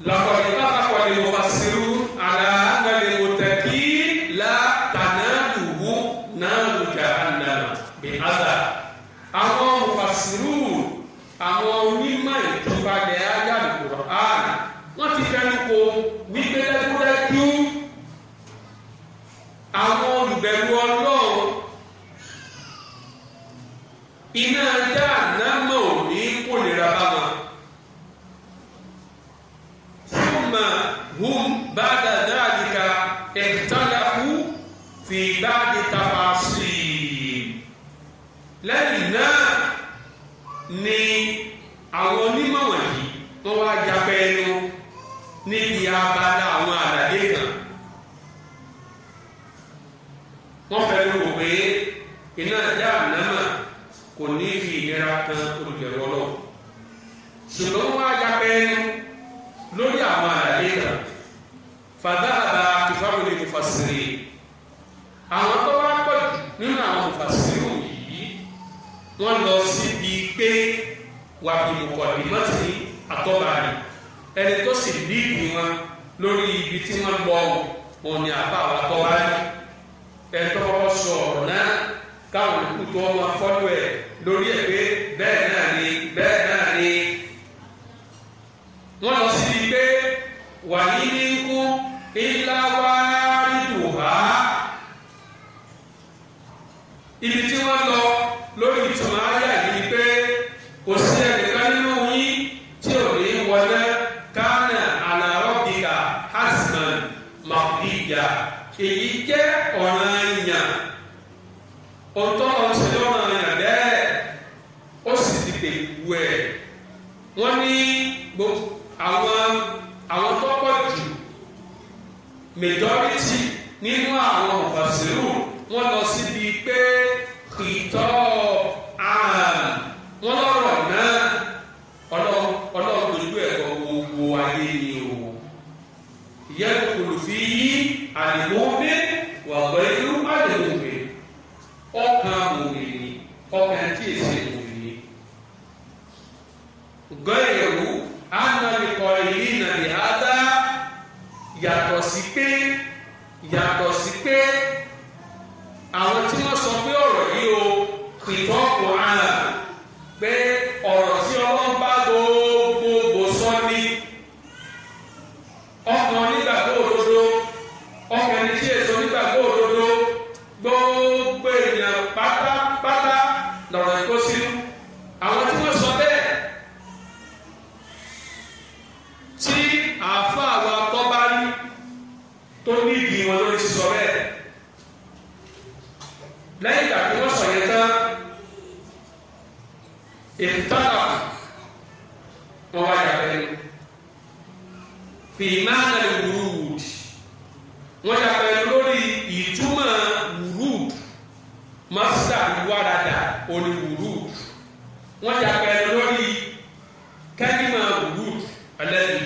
La cualidad, la cualidad de su pasión, ni àwọn onímọ̀ wọ̀nyí tó wá jápẹ́ ẹnu níbi abala àwọn àlàyé kan wọ́n fẹ́ẹ́ lò pé iná ìjà ànámà kò ní fi ìlera kan olùjẹ̀rọ lọ ṣùgbọ́n wọ́n á jápẹ́ ẹnu lórí àwọn àlàyé kan fàdáàbà ìfáwọlé mufasiri àwọn tó wá pọ̀ nínú àwọn mufasiri yìí wọ́n lọ sí pé wà bìmùkọ̀ ìmọ̀tì àtọ́ba rẹ̀ ẹni tó sì líìdì wọn lórí ibi tí wọ́n lọ òun ni àbá àwọn àtọ́ba rẹ̀ ẹni tó kọ́kọ́ sọ ọ̀rọ̀ náà káwọn olùkú tó wọn fọ́lú ẹ̀ lórí ẹ̀ pé bẹ́ẹ̀ náà ni bẹ́ẹ̀ náà ni wọ́n lọ sí i pé wà ní majority nínú àwọn mufasiru wọ́n lọ síbi pé kìtọ́.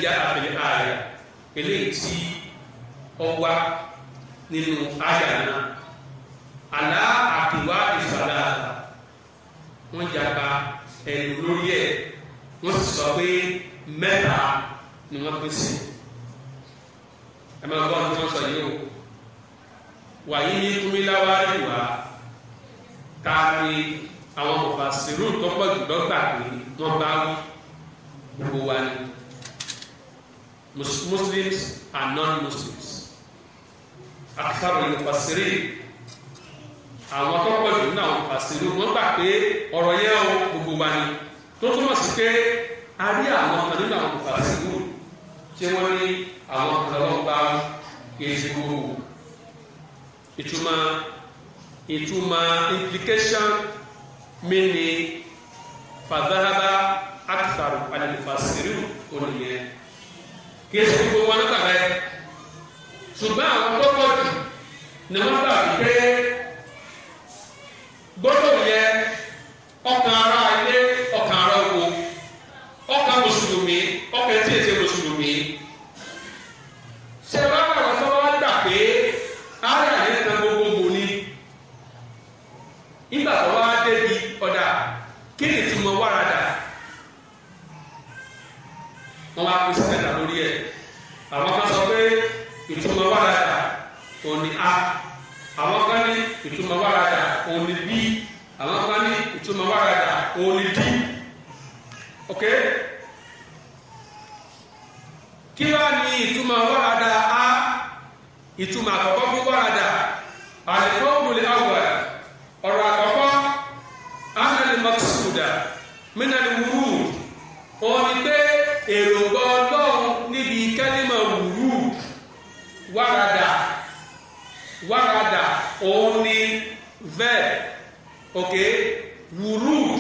já àfẹnẹ ààyè eléyìí tí ọwá nínú àyà náà àlá àkùnwá ìsàlá wọn jàpá ẹnu lórí ẹ wọn sì sọ pé mẹ́ta ni wọn pín sí ẹ máa gbọ́ ohun tí wọ́n sọ yìí o wàyí ní kúmíláwá rí wa àwọn mọ̀fà sírù tó pọ̀ jù lọ́gbà pé wọ́n bá wí gbogbo wa ni. Muslims and non-Muslims akitabo olùfàsírí àwọn akọ́kọ́ ìlú náà olùfàsírí wọ́n gbà pé ọ̀rọ̀ yẹn o gbogbo wa ni tó túmọ̀ sí pé a rí àwọn kan nínú àwọn olùfàsírí tí wọ́n ní àwọn ọ̀pọ̀lọpọ̀ èsì gbogbo ìtumọ̀ ìtumọ̀ implication mi ni fàdáhàbá akitabo olùfàsírí ònìyẹn. kéésì gbogbo wọn lọ́kà bẹ́ẹ̀ ṣùgbọ́n àwọn tó pọ̀ jù ni wọ́n gbà pé gbọ́dọ̀ yẹ ara ilé ọkàn ara oko ọkàn mùsùlùmí ọkàn tí èsè mùsùlùmí ṣé wọ́n bá wọn tó wọ́n pé ara yẹn kan wọ́n wá pín sí mẹ́ta lórí ẹ̀ àwọn kan sọ pé ìtumọ̀ wàràdà ò ní a àwọn kan ní ìtumọ̀ wàràdà ò ní b àwọn kan ní ìtumọ̀ wàràdà ò ní d ok kí wá ní ìtumọ̀ wàràdà a ìtumọ̀ àkọ́kọ́ fún wàràdà àlẹ́ fọ́ọ̀mù lè awọ̀ ọ̀rọ̀ àkọ́kọ́ ánà lè mọ́tò sùdà mí náà lè. bẹ́ẹ̀ ok wurud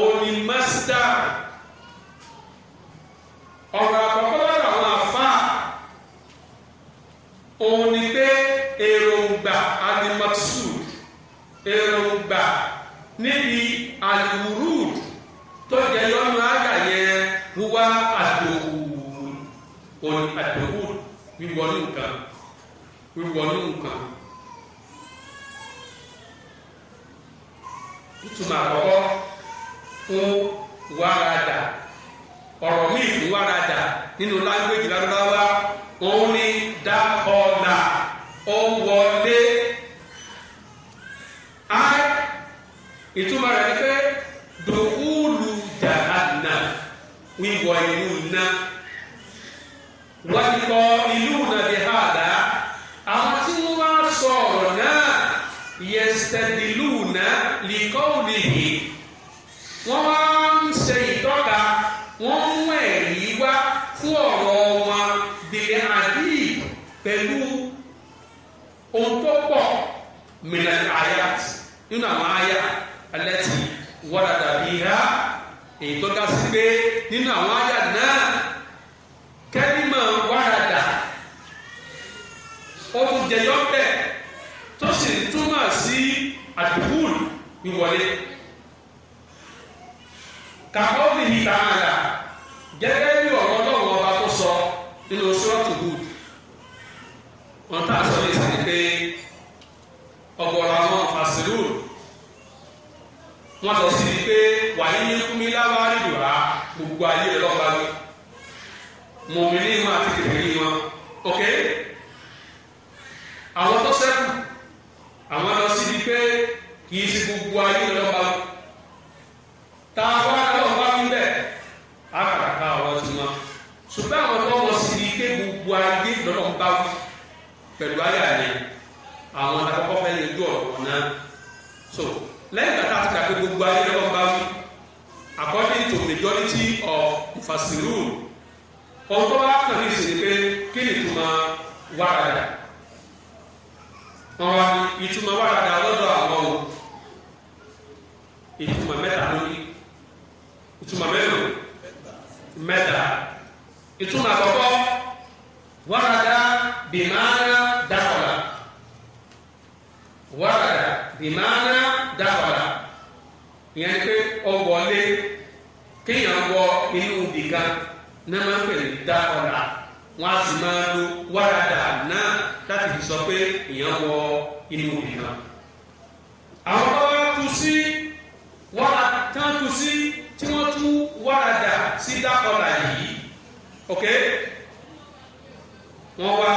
òní masdar ọ̀rọ̀ àkọ́kọ́ lọ́dọ̀ àwọn àfa òní pé èròǹgbà alimaksud èròǹgbà níbi aliwurud tó jẹ yọnu àyà yẹn wúwá àdòwùn òní àdòwùn wíwọnú nǹkan wíwọnú nǹkan. ìtumọ̀ àkọ́kọ́ fún wàràdà ọ̀rọ̀ míì fún wàràdà nínú lágbèjì ládùbáwá òun ni dákọ̀ọ̀là ó wọlé á ìtumọ̀ rẹ̀ ni pé minal ayat nínú àwọn àyà allati warada biha èyí tó dá sí pé nínú àwọn àyà náà kẹ́límà warada ó tún jẹyọ bẹ́ẹ̀ tó sì túmọ̀ sí àdúgbòl ìwọlé kàkọ́ bìí wọ́n sọ sí i pé wàyí ní kúmílá wá rí dùrá gbogbo ayé rẹ̀ lọ́ba mi mọ̀mìnì wọn àti kìkìrì wọn ok àwọn tó sẹ́kù àwọn lọ sí i pé kì í sí gbogbo ayé rẹ̀ lọ́ba mi tá a wá lọ́ba mi bẹ́ẹ̀ á kàkà ká àwọn tó wọn ṣùgbọ́n àwọn tó wọ́n sí i pé gbogbo ayé lọ́dọ̀ ń bá wí pẹ̀lú ayé àná àwọn akọ́kọ́ fẹ́ lè dúró ọ̀nà so lẹ́yìn kàtà àti kàpé gbogbo ayé lọ́wọ́ bá wí according to majority of mufasirun ohun tó bá kàn ní ìṣèlú pé kí ni ìtumọ̀ wàràdà wọn wá ní ìtumọ̀ wàràdà lọ́dọ̀ àwọn o ìtumọ̀ mẹ́ta lórí ìtumọ̀ mẹ́lòó mẹ́ta ìtumọ̀ àkọ́kọ́ wàràdà bìmánà dàkọ̀là wàràdà bìmánà. dábàrà ìyẹn pé ọ wọlé kéèyàn wọ inú ibìkan náà máa ń pè ní dábàrà wọn a sì máa lo wáradà náà láti fi sọ pé èèyàn wọ inú ibìkan. àwọn bá wá sí wàrà tán tu sí tí wọ́n tú wáradà sí dábàrà yìí ok wọ́n wá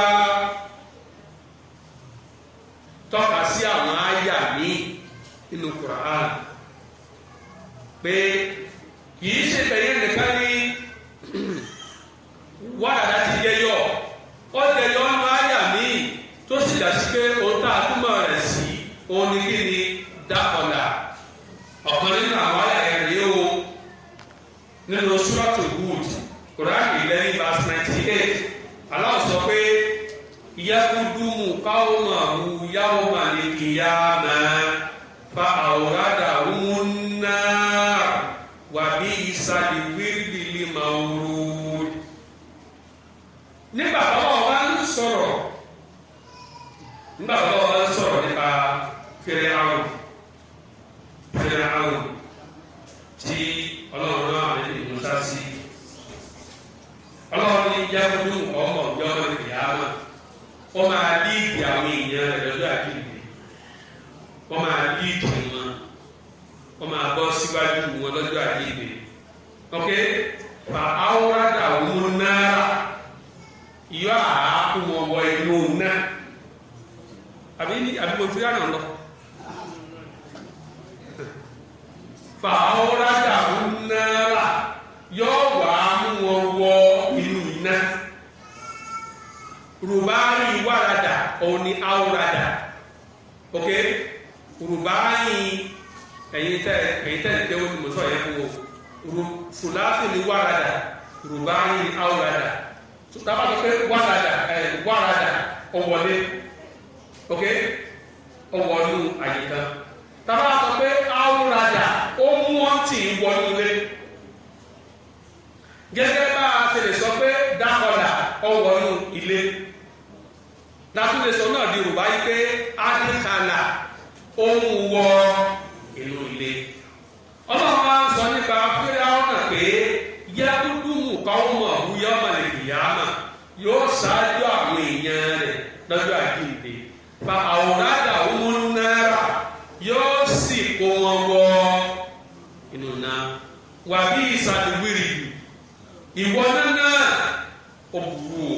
tọ́ka sí àwọn. nínú Qur'an pé kì í ṣe bẹ̀yẹ nìkan ní wàhálà ti yẹyọ ó yẹyọ nínú àyà mi tó sì dá sí pé òun tá a túmọ̀ rẹ̀ sí òun ni kí ni dákọ̀dà ọ̀kan nínú àwọn àyà yẹn rèé o nínú Suratu Hud Qur'an eleven verse ninety eight aláwọ̀ sọ pé yakudumu qawmahu yawmal qiyamah àwòrádàhùn náà wà bí ìsàlẹ̀ wíìdìlì màwúrú. nígbà báwọn wá ń sọ̀rọ̀ nígbà báwọn wá ń sọ̀rọ̀ nípa fèrè àwọn fèrè àwọn tí ọlọ́run náà lè ní musa sí ọlọ́run ní jáfẹ́lú ọmọ ọjọ́ ìyá wọn wọ́n máa bí ìgbà àwọn èèyàn rẹ̀ lọ́jọ́ àdìgbò wọ́n máa bí ìtàn wọ́n máa bọ́ síwájú wọn lọ́jọ́ àjíǹde ok fa awúrádà wọn náírà yọ àákú wọn wọ inú náà àbí àbí mo ti rí àná lọ fa awúrádà wọn náírà yọ wà á mú wọn wọ inú iná rùbáàrì wàràdà òun ni awúrádà ok rùbáàrì. Eyi tẹ ẹ̀yin tẹ ìpé wo tìmọ̀sọ́ yẹn wo sùláfì ni wàràdà rùbáyì ni àwòràdà tàbá tó pé wàràdà wàràdà ok àyíká tàbá tó pé ó mú bá a ṣe lè sọ pé ilé látúndé sọ náà di pé ó ń wọ inú ilé ọlọ́run wa ń sọ nípa fíráwọ́nà pé yádúdúmù káwọ́mọ̀ àbúyá màlìkìyàmà yóò ṣáájú àwọn èèyàn rẹ̀ lọ́jọ́ àjíǹde fa àwòrán àdàwọ̀ náírà yóò sì kó wọn wọ inú náà wà bí ìsàdùwìrì ìwọ nánà ó burú o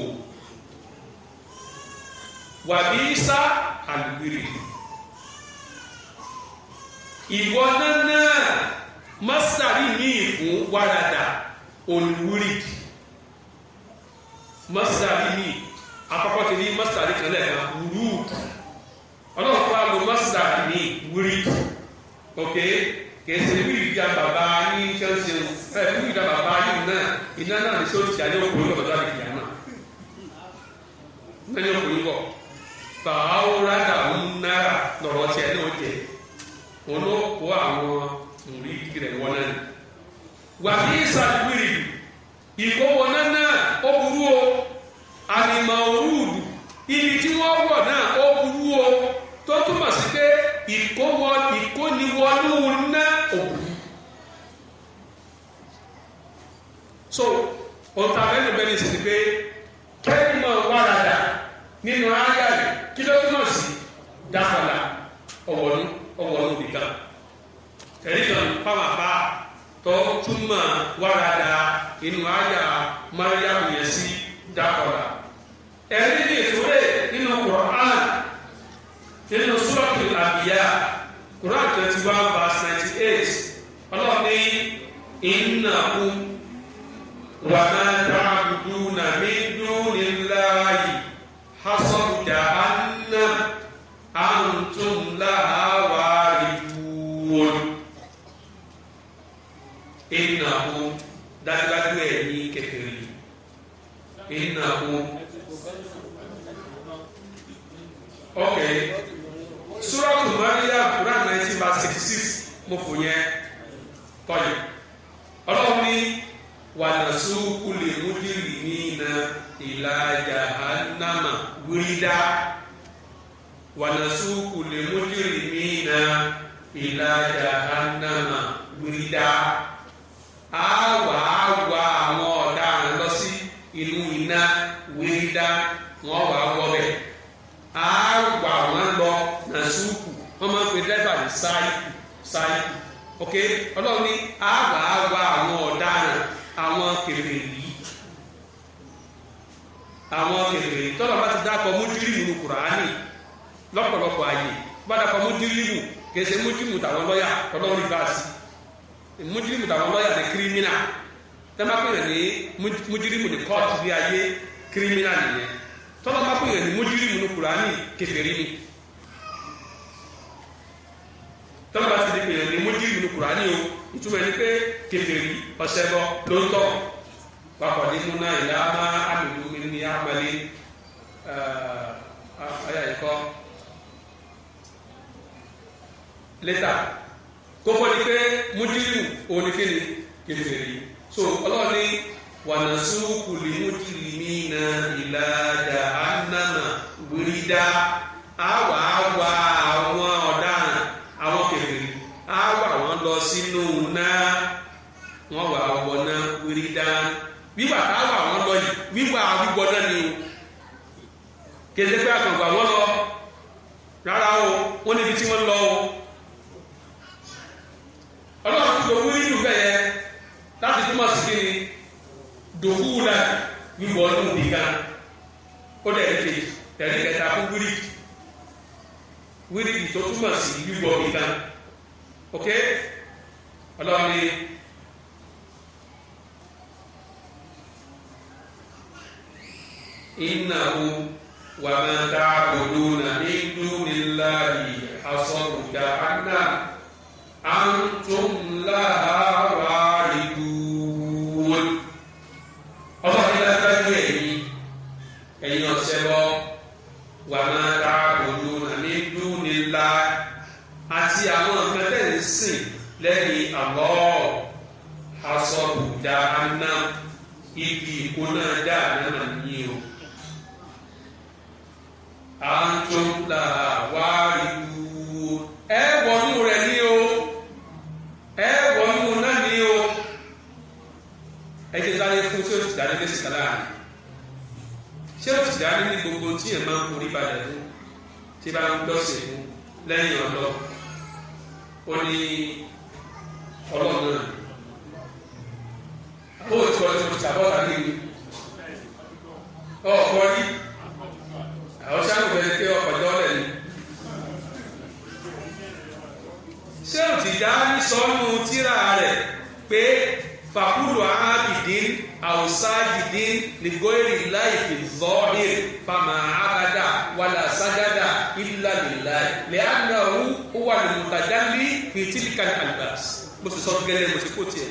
wà bí ìsà àdùwìrì. ìwọ nánà mọ́sàrí míì fún wàràdà olùwúrìdì mọ́sàrí míì àkọ́kọ́ ti ní mọ́sàrí kan wúrúùkù ọlọ́run fún àlọ́ ok bàbá ní chelsea ẹ wíìlì bàbá yìí náà iná náà ní sọ́ọ̀tì àjọ òun ló kó àwọn mùrídì rẹ̀ wọ́n náà wàbí ìsàlùwìrì ìkówó náà ó burú o àmìmọ̀ òrùdù ibi tí wọ́n wọ̀ náà ó burú o tó túmọ̀ sí pé ìkówó ìkóniwọlú náà ò burú. so ọ̀tá mẹ́rin bẹ́ẹ̀ ni sì ni pé kẹ́rìmọ̀ wàràdà nínú ayáyé kí ló túmọ̀ sí dáhà ẹ̀ríkan fáwọn àbá tó túmọ̀ wàràdà inú àyà mariam yẹn sí dákọ̀rà ẹ̀rí ní ìfúré nínú Qur'an nínú suratul Anbiya Qur'an twenty one verse ninety eight ọlọ́ọ̀ni ìnàkú wàhálà. mo fò yẹn tọ́yìn ọlọ́run ní wàdàsó kulè múdìrì ní iná ìlà jahannama wírídá wàdàsó kulè múdìrì ní iná ìlà jahannama wírídá a wà á wà àwọn ọ̀daràn lọ sí inú iná wírídá wọn wà wọ bẹ́ẹ̀ a wọn lọ nàṣúkù wọn máa ń pe dẹ́bà ní sáyìkù sáyé ok ọlọ́run ní àwà àwà àwọn ọ̀daràn àwọn kèrè yìí àwọn kèrè yìí tọ́lọ̀ bá ti dákọ̀ mújírìmù ní kùránì lọ́pọ̀lọpọ̀ àyè bá dákọ̀ mújírìmù kèsè mújírìmù tàwọn lọ́yà ọlọ́run ìbá sí mújírìmù tàwọn lọ́yà ní kírímínà tẹ́lá pèrè ní mújírìmù ní kóòtù ní ayé kírímínà nìyẹn tọ́lọ̀ bá pèrè ní mújírìmù ní kùránì kèfèrí ni tọ́lá bá ti di pèyàn ní mójú ìlú kùránì o ìtumọ̀ ẹni pé kèfèrí ọ̀sẹ̀ bọ́ ló ń tọ̀ papọ̀ nínú náà ìlà máa àmìlú mi ní àmàlẹ́ ọ̀yà eh, ìkọ́ lẹ́tà tó ni pé mójú ìlú òun ni kéde kèfèrí so ọlọ́run ní wànàsúkù lè mójú mi náà ìlà dàánàmà wírídà àwàáwàá. gbígbà gbígbọ́ náà ni o kéde pé àkàngbà wọn lọ rárá o wọn níbi tí wọn lọ o ọlọ́run tó gbogbo nínú bẹ́ẹ̀ yẹ láti túmọ̀ sí kí ni dòkú la gbígbọ́ ọdún nìkan ó dẹ̀ ní kejì tẹ̀lé kẹta fún wíríkì wíríkì tó túmọ̀ sí gbígbọ́ nìkan ok ọlọ́run ni. إنه وما تعبدون من دون الله حصب جهنم أنتم لها واردون ọlọ́run ní lágbájú ẹ̀yìn ẹ̀yìn ọ̀sẹ̀ bọ́ wà máa ta òdo àmì dúni la àti àwọn nǹkan tẹ̀ ń sìn lẹ́yìn àbọ̀ àsọ̀bù dáhánà ibi ìkóná Tìjàní ní gbogbo tí yẹn máa ń forí balẹ̀ fún tí bá ń gbọ́sẹ̀ fún lẹ́yìn ọ̀dọ́ ó ní ọlọ́run náà ó ti ọdún ìtàbọ̀ tàbí mi ọ̀pọ̀ rí àwọn sáàmù bẹ́ẹ̀ pé ọkọ̀ jọ lẹ̀ ni. ṣé òtìjà ń sọ nù tíra rẹ̀ pé fàkúrò ábìdín àwòsáàjìdín lìgọ́rì láìpì zọ́ọ̀hìn fama abada wàlà sájádà illa billahi lẹ́yìnàwó wà lùmùtàdámì fìtìlìkà albas mo sì sọ gẹ́lẹ́ mo sì kó tiẹ̀.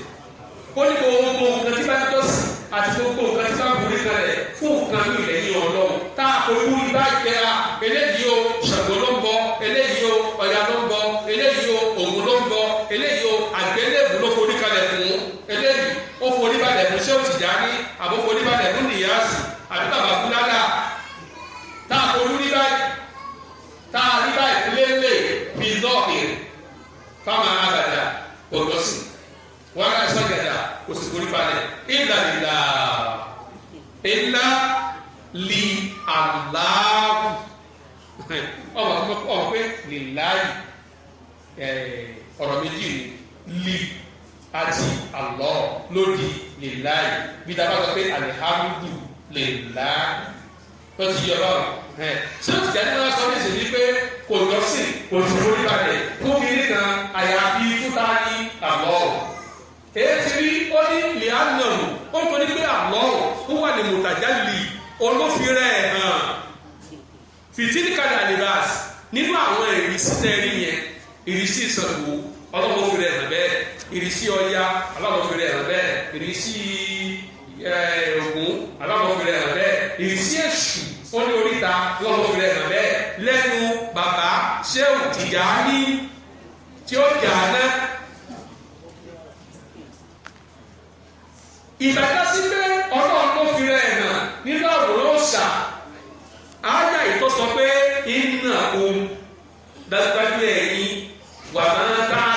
ó ní gbogbo nǹkan tí bá ń tọ́sí àti gbogbo nǹkan tí bá ń borí kalẹ̀ fún nǹkan ní ilẹ̀ yìí ọlọ́run tá a kò wú ibà jẹra eléyìí o ṣàgbọ́n ló ń bọ eléyìí o ọ̀yà ló ń bọ eléyìí o òun ló ń bọ eléyìí o àgbẹ̀lẹ̀ pẹ̀lú ṣé òtìjà ní àbófo oníbàdàn ẹ̀kún nìyáàsì àbí bàbá kúládà tá a fojú rí báyìí tá a rí báyìí lélẹ̀ bí lọ́ọ̀kì fáwọn àgàdà kò lọ sí wọn á sọ gàdà kò sì forí balẹ̀ ìlà ìlà ìlà lì àláàbù ọ̀rọ̀ pé lè láàyè ọ̀rọ̀ méjì ni lì àti Allah lòdì lillahi bí dábà sọ pé alihamudu lillahi tó ti yọ báwọn ẹ ṣé o ti jáde náà sọ ní ìṣèlú pé kò lọ sí kò sí orí balẹ̀ fún mi nìkan àyàfi fúta ní Allah èyí ti rí ó ní lianahu ó ń tọ́ ní pé Allah ó wà ní mutajalli olófinrẹ́ hàn fìtíníkàlẹ̀ àlebàs nínú àwọn ìrísí tẹ́rí yẹn ìrísí ìsọ̀rọ̀ ọlọ́wọ́ fi rẹ̀ hàn bẹ́ẹ̀ ìrísí ọya ọlọ́wọ́ fi rẹ̀ hàn bẹ́ẹ̀ ìrísí ògún ọlọ́wọ́ fi rẹ̀ hàn bẹ́ẹ̀ ìrísí èṣù ó ní oríta ọlọ́wọ́ fi rẹ̀ hàn bẹ́ẹ̀ lẹ́nu bàbá ṣéwù ìyá ní tí ó jà ná. ìgbàdásí pé ọlọ́run ló fi rẹ̀ hàn nínú àwòrán ọ̀sà àáyá ìtọ́sọ pé ìnà òun dájúdájú ẹ̀yìn wà máa dáa.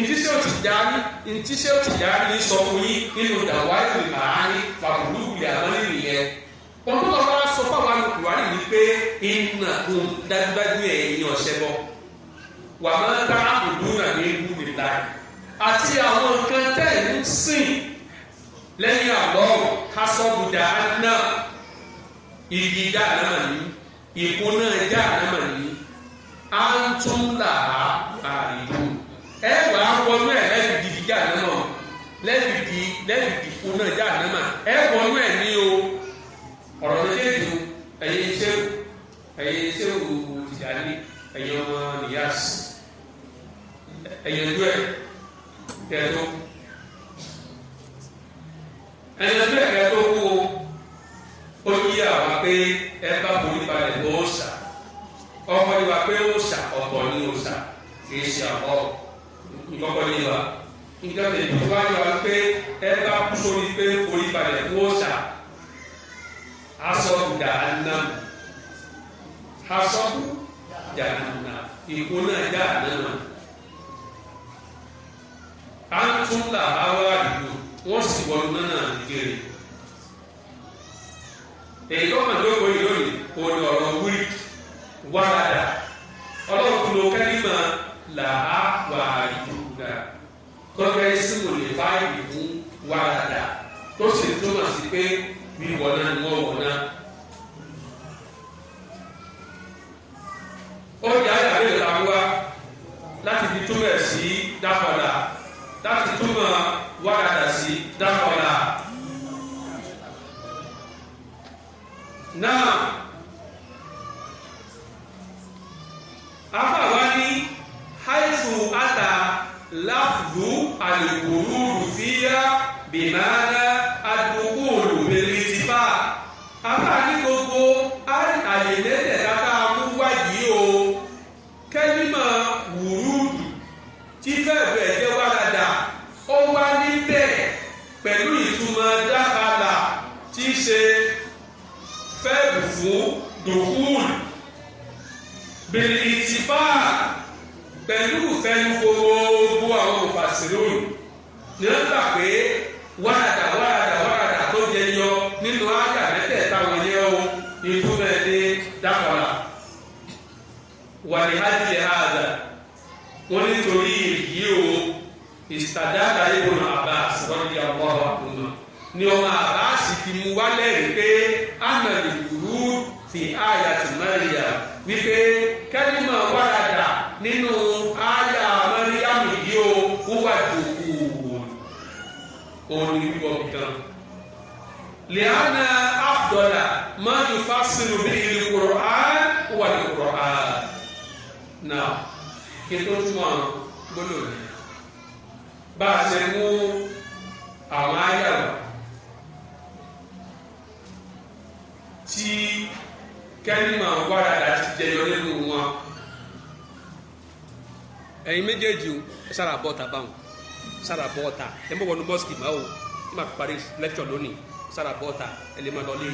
ntí sẹ́ òtì jáde ntí sẹ́ òtì jáde ní sọ́kùn yìí nínú dàwa ìlú màáyé fàbùrù wùlẹ̀ àmọ́lé nìyẹn wọn tó lọ́ọ́ bá sọ fáwọn alùpùpù ní pé iná òun dájúdájú ẹ̀yìn ọ̀sẹ̀ bọ̀ wà máa ń dá àbùdúrà ní ewu nìta àti àwọn nǹkan tẹ́ ẹ̀ ń sìn lẹ́yìn àlọ́ kásọ̀bùdà àná ìdí dá àná màní ìkóná dá àná màní à ń tún là á àrídùn ẹ wà á wọnú ẹ lẹ́bi di jíjà náà lẹ́bi di lẹ́bi di fún náà jà náà ẹ wọnú ẹ ní o ọ̀rọ̀ méjèèjì ẹ̀yẹ iṣẹ́ ẹ̀yẹ iṣẹ́ òwò ìdálé ẹ̀yẹ ọmọ nìyàsí ẹ̀yẹ dúẹ̀ kẹ́tọ́ ẹ̀yẹ dúẹ̀ kẹ́tọ́ kó ó yí àwa pé ẹ bá borí balẹ̀ bó ṣà ọkọ̀ yìí wá pé ó ṣà ọ̀pọ̀ ní ó ṣà kì í ṣe àbọ̀ nǹkan kan lè wà nǹkan lè tó wá yọ wá pé ẹ bá kú sórí pé orí balẹ̀ kú ó sà asọ́kùdà anam asọ́kùdà anam ìkó náà dá àná à ń tún là áwá àdúgbò wọ́n sì wọnú náà nìkéré èyí tó kàn lóko yìí lónìí kò ní ọ̀rọ̀ wúrí wàhálà ọlọ́run kúló kẹ́lí máa làá wàrí dùnà kọ́kẹ́ sí wò lè fá ìlú wàràdà tó sì túmọ̀ sí pé wíwọ̀ náà ni wọ́n wọ̀ náà. ó yà á yàrá ìlà wa láti fi túmọ̀ sí dáfọ̀dà láti túmọ̀ wàràdà sí dáfọ̀dà. náà. Apa àdú àlùkùrù fíyà bìmánà àdúgbòlù bèlìtìfà afáàní gbogbo àyèlẹ́tẹ̀ tata amúgbà yìí o kẹ́límà wùrúdù tí fẹ́ẹ̀fẹ́ ẹ̀jẹ̀ wàlàdà ó wá níbẹ̀ pẹ̀lú ìtumọ̀ dákàlà tí í ṣe fẹ́ẹ̀bù fún dùkúùn bèlìtìfà pẹ̀lú fẹ́nu gbogbo mufasirun ni wọ́n gbà pé wàhádà wàhádà wàhádà tó jẹ yọ nínú àyà mẹ́tẹ̀ẹ̀ta wọ̀nyẹ o ikú bẹ́ẹ̀ ní dákọ̀lá wà ní hajj hàdà wọ́n nítorí èyí o ìsàdáàdà ibùn abbas rọ́bì àwọn àkùnà ni ọmọ abbas fi mu wálẹ̀ rí pé amẹ̀lì gùrú fi àyà tì wípé. òun ni wíwọ bìkan. lẹ́yìn àfọ̀dà máa ń fa sínú bí ìlú kúrò á wà ní kúrò á. nà kí tó tún àwọn gbọ́dọ̀ ní. bá a ṣe mú àwọn ayàwó tí kẹ́límà wàràdà ti jẹyọ nínú wọn. ẹ̀yin méjèèjì sára bọ́ tàbá sara bọ́ọ̀ta ẹ mọ̀ wọnú mọ́sìkì máa o ẹ má parí lẹ́kṣọ̀ lónìí sára bọ́ọ̀ta ẹ lè má lọ lé